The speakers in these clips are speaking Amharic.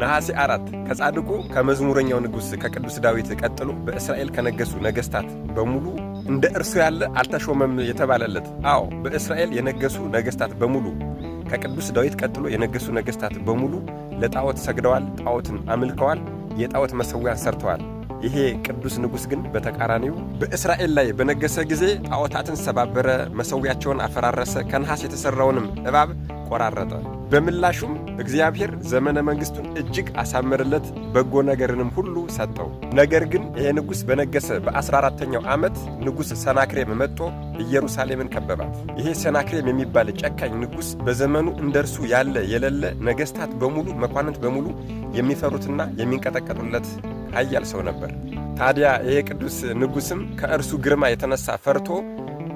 ነሐሴ አራት ከጻድቁ ከመዝሙረኛው ንጉሥ ከቅዱስ ዳዊት ቀጥሎ በእስራኤል ከነገሱ ነገሥታት በሙሉ እንደ እርሱ ያለ አልተሾመም የተባለለት። አዎ በእስራኤል የነገሱ ነገሥታት በሙሉ ከቅዱስ ዳዊት ቀጥሎ የነገሱ ነገሥታት በሙሉ ለጣዖት ሰግደዋል፣ ጣዖትን አምልከዋል፣ የጣዖት መሠዊያን ሠርተዋል። ይሄ ቅዱስ ንጉሥ ግን በተቃራኒው በእስራኤል ላይ በነገሰ ጊዜ ጣዖታትን ሰባበረ፣ መሠዊያቸውን አፈራረሰ፣ ከነሐስ የተሠራውንም እባብ ቆራረጠ። በምላሹም እግዚአብሔር ዘመነ መንግሥቱን እጅግ አሳምርለት በጎ ነገርንም ሁሉ ሰጠው። ነገር ግን ይሄ ንጉሥ በነገሰ በአስራ አራተኛው ዓመት ንጉሥ ሰናክሬም መጥቶ ኢየሩሳሌምን ከበባት። ይሄ ሰናክሬም የሚባል ጨካኝ ንጉሥ በዘመኑ እንደ እርሱ ያለ የሌለ ነገሥታት በሙሉ መኳንንት በሙሉ የሚፈሩትና የሚንቀጠቀጡለት ኃያል ሰው ነበር። ታዲያ ይሄ ቅዱስ ንጉሥም ከእርሱ ግርማ የተነሳ ፈርቶ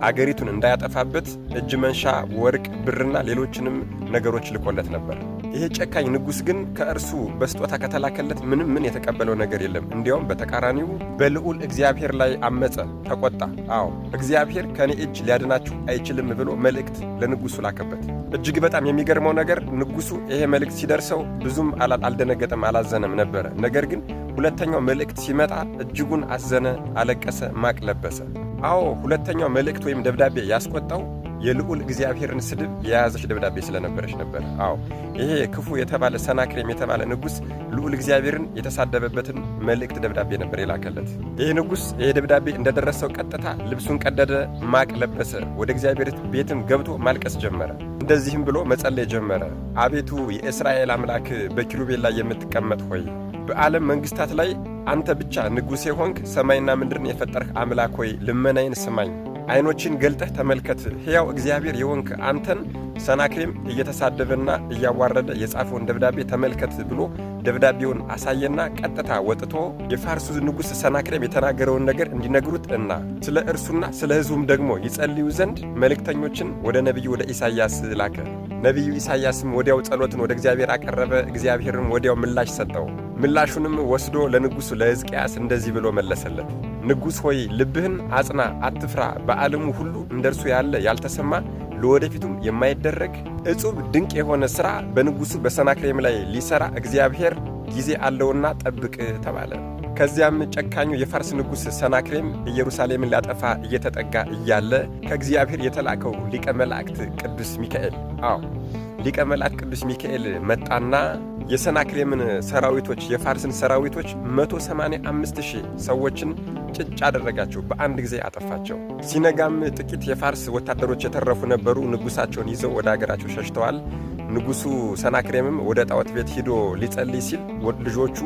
አገሪቱን እንዳያጠፋበት እጅ መንሻ ወርቅ፣ ብርና ሌሎችንም ነገሮች ልኮለት ነበር። ይሄ ጨካኝ ንጉሥ ግን ከእርሱ በስጦታ ከተላከለት ምንም ምን የተቀበለው ነገር የለም። እንዲያውም በተቃራኒው በልዑል እግዚአብሔር ላይ አመፀ፣ ተቆጣ። አዎ እግዚአብሔር ከኔ እጅ ሊያድናችሁ አይችልም ብሎ መልእክት ለንጉሡ ላከበት። እጅግ በጣም የሚገርመው ነገር ንጉሡ ይሄ መልእክት ሲደርሰው ብዙም አልደነገጠም፣ አላዘነም ነበረ። ነገር ግን ሁለተኛው መልእክት ሲመጣ እጅጉን አዘነ፣ አለቀሰ፣ ማቅ ለበሰ። አዎ ሁለተኛው መልእክት ወይም ደብዳቤ ያስቆጣው የልዑል እግዚአብሔርን ስድብ የያዘች ደብዳቤ ስለነበረች ነበር። አዎ ይሄ ክፉ የተባለ ሰናክሬም የተባለ ንጉሥ ልዑል እግዚአብሔርን የተሳደበበትን መልእክት ደብዳቤ ነበር የላከለት። ይህ ንጉሥ ይሄ ደብዳቤ እንደደረሰው ቀጥታ ልብሱን ቀደደ፣ ማቅ ለበሰ። ወደ እግዚአብሔር ቤትም ገብቶ ማልቀስ ጀመረ። እንደዚህም ብሎ መጸለይ ጀመረ። አቤቱ የእስራኤል አምላክ በኪሩቤል ላይ የምትቀመጥ ሆይ በዓለም መንግሥታት ላይ አንተ ብቻ ንጉሴ ሆንክ። ሰማይና ምድርን የፈጠርህ አምላክ ሆይ ልመናዬን ስማኝ ዓይኖችን ገልጠህ ተመልከት። ሕያው እግዚአብሔር የወንክ አንተን ሰናክሬም እየተሳደበና እያዋረደ የጻፈውን ደብዳቤ ተመልከት ብሎ ደብዳቤውን አሳየና ቀጥታ ወጥቶ የፋርሱ ንጉሥ ሰናክሬም የተናገረውን ነገር እንዲነግሩት እና ስለ እርሱና ስለ ሕዝቡም ደግሞ ይጸልዩ ዘንድ መልእክተኞችን ወደ ነቢዩ ወደ ኢሳይያስ ላከ። ነቢዩ ኢሳይያስም ወዲያው ጸሎትን ወደ እግዚአብሔር አቀረበ። እግዚአብሔርም ወዲያው ምላሽ ሰጠው። ምላሹንም ወስዶ ለንጉሡ ለሕዝቅያስ እንደዚህ ብሎ መለሰለት። ንጉሥ ሆይ ልብህን አጽና፣ አትፍራ። በዓለሙ ሁሉ እንደ እርሱ ያለ ያልተሰማ ለወደፊቱም የማይደረግ እጹብ ድንቅ የሆነ ሥራ በንጉሡ በሰናክሬም ላይ ሊሠራ እግዚአብሔር ጊዜ አለውና ጠብቅ ተባለ። ከዚያም ጨካኙ የፋርስ ንጉሥ ሰናክሬም ኢየሩሳሌምን ሊያጠፋ እየተጠጋ እያለ ከእግዚአብሔር የተላከው ሊቀ መላእክት ቅዱስ ሚካኤል አዎ ሊቀ መልአክ ቅዱስ ሚካኤል መጣና የሰናክሬምን ሰራዊቶች የፋርስን ሰራዊቶች 185 ሺህ ሰዎችን ጭጭ አደረጋቸው። በአንድ ጊዜ አጠፋቸው። ሲነጋም ጥቂት የፋርስ ወታደሮች የተረፉ ነበሩ። ንጉሳቸውን ይዘው ወደ አገራቸው ሸሽተዋል። ንጉሱ ሰናክሬምም ወደ ጣዖት ቤት ሂዶ ሊጸልይ ሲል ልጆቹ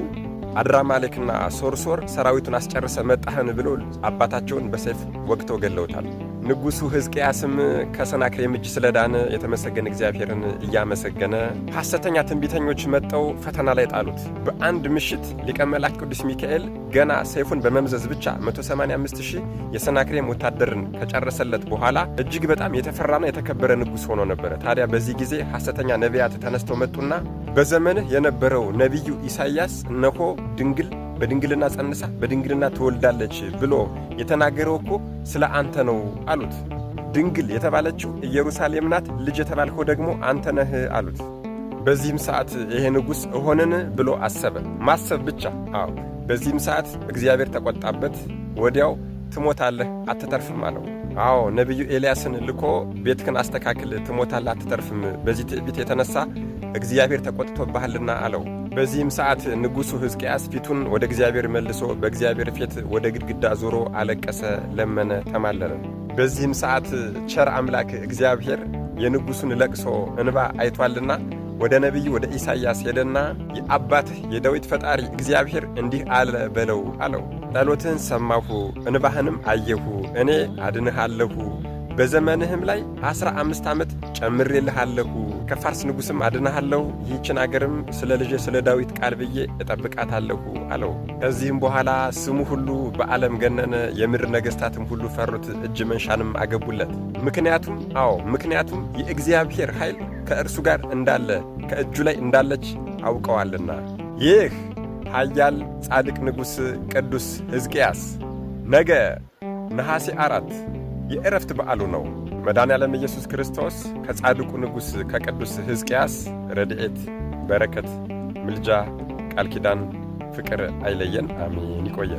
አድራማሌክና ሶርሶር ሰራዊቱን አስጨርሰ መጣህን ብሎ አባታቸውን በሰይፍ ወግተው ገለውታል። ንጉሡ ሕዝቅያስም ከሰናክሬም እጅ ስለዳነ የተመሰገነ እግዚአብሔርን እያመሰገነ ሐሰተኛ ትንቢተኞች መጠው ፈተና ላይ ጣሉት። በአንድ ምሽት ሊቀ መላእክት ቅዱስ ሚካኤል ገና ሰይፉን በመምዘዝ ብቻ 185 ሺህ የሰናክሬም ወታደርን ከጨረሰለት በኋላ እጅግ በጣም የተፈራና የተከበረ ንጉሥ ሆኖ ነበረ። ታዲያ በዚህ ጊዜ ሐሰተኛ ነቢያት ተነስተው መጡና በዘመንህ የነበረው ነቢዩ ኢሳይያስ እነሆ ድንግል በድንግልና ጸንሳ በድንግልና ትወልዳለች ብሎ የተናገረው እኮ ስለ አንተ ነው አሉት። ድንግል የተባለችው ኢየሩሳሌም ናት፣ ልጅ የተባልከው ደግሞ አንተ ነህ አሉት። በዚህም ሰዓት ይሄ ንጉሥ እሆንን ብሎ አሰበ። ማሰብ ብቻ። አዎ በዚህም ሰዓት እግዚአብሔር ተቆጣበት። ወዲያው ትሞታለህ አትተርፍም አለው። አዎ ነቢዩ ኤልያስን ልኮ ቤትክን አስተካክል፣ ትሞታለህ አትተርፍም። በዚህ ትዕቢት የተነሳ እግዚአብሔር ተቆጥቶብሃልና አለው። በዚህም ሰዓት ንጉሡ ሕዝቅያስ ፊቱን ወደ እግዚአብሔር መልሶ በእግዚአብሔር ፊት ወደ ግድግዳ ዞሮ አለቀሰ፣ ለመነ፣ ተማለለ። በዚህም ሰዓት ቸር አምላክ እግዚአብሔር የንጉሡን ለቅሶ እንባ አይቷልና ወደ ነቢይ ወደ ኢሳይያስ ሄደና የአባትህ የዳዊት ፈጣሪ እግዚአብሔር እንዲህ አለ በለው አለው። ጸሎትህን ሰማሁ፣ እንባህንም አየሁ፣ እኔ አድንሃለሁ በዘመንህም ላይ አስራ አምስት ዓመት ጨምሬልሃለሁ፣ ከፋርስ ንጉሥም አድናሃለሁ። ይህችን አገርም ስለ ልጄ ስለ ዳዊት ቃል ብዬ እጠብቃታለሁ አለው። ከዚህም በኋላ ስሙ ሁሉ በዓለም ገነነ፣ የምድር ነገሥታትም ሁሉ ፈሩት፣ እጅ መንሻንም አገቡለት። ምክንያቱም አዎ ምክንያቱም የእግዚአብሔር ኃይል ከእርሱ ጋር እንዳለ ከእጁ ላይ እንዳለች አውቀዋልና። ይህ ኃያል ጻድቅ ንጉሥ ቅዱስ ሕዝቅያስ ነገ ነሐሴ አራት የእረፍት በዓሉ ነው። መድኃኔ ዓለም ኢየሱስ ክርስቶስ ከጻድቁ ንጉሥ ከቅዱስ ሕዝቅያስ ረድኤት፣ በረከት፣ ምልጃ፣ ቃል ኪዳን፣ ፍቅር አይለየን። አሜን። ይቆየን።